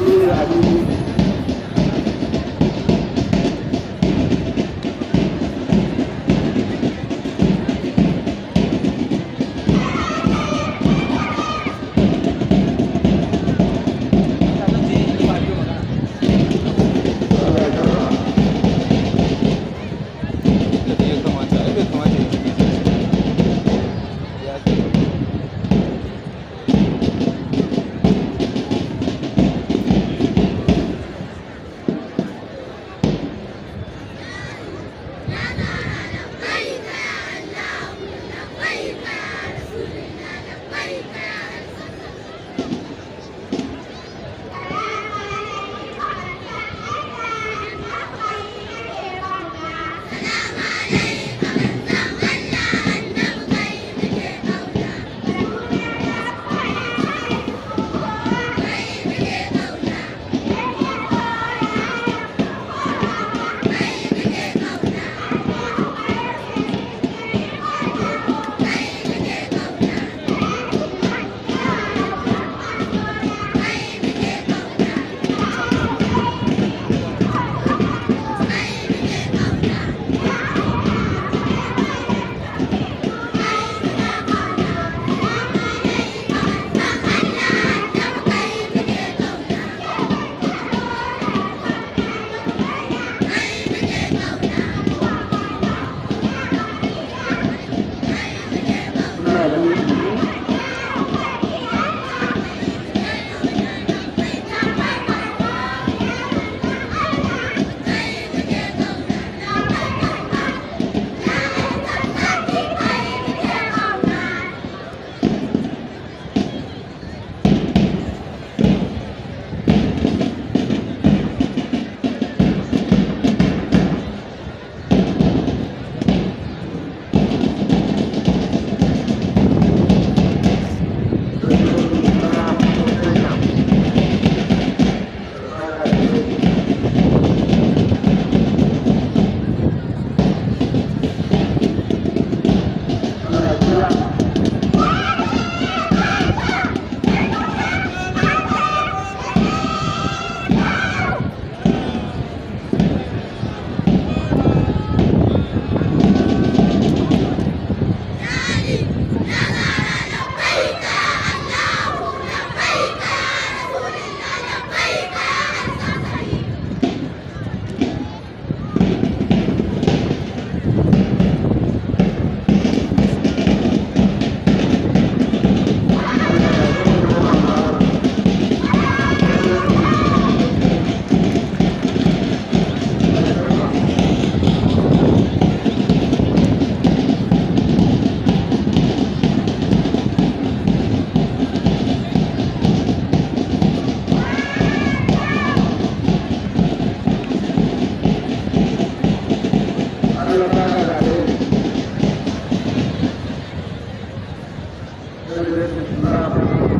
Ooh, I Thank tá. you.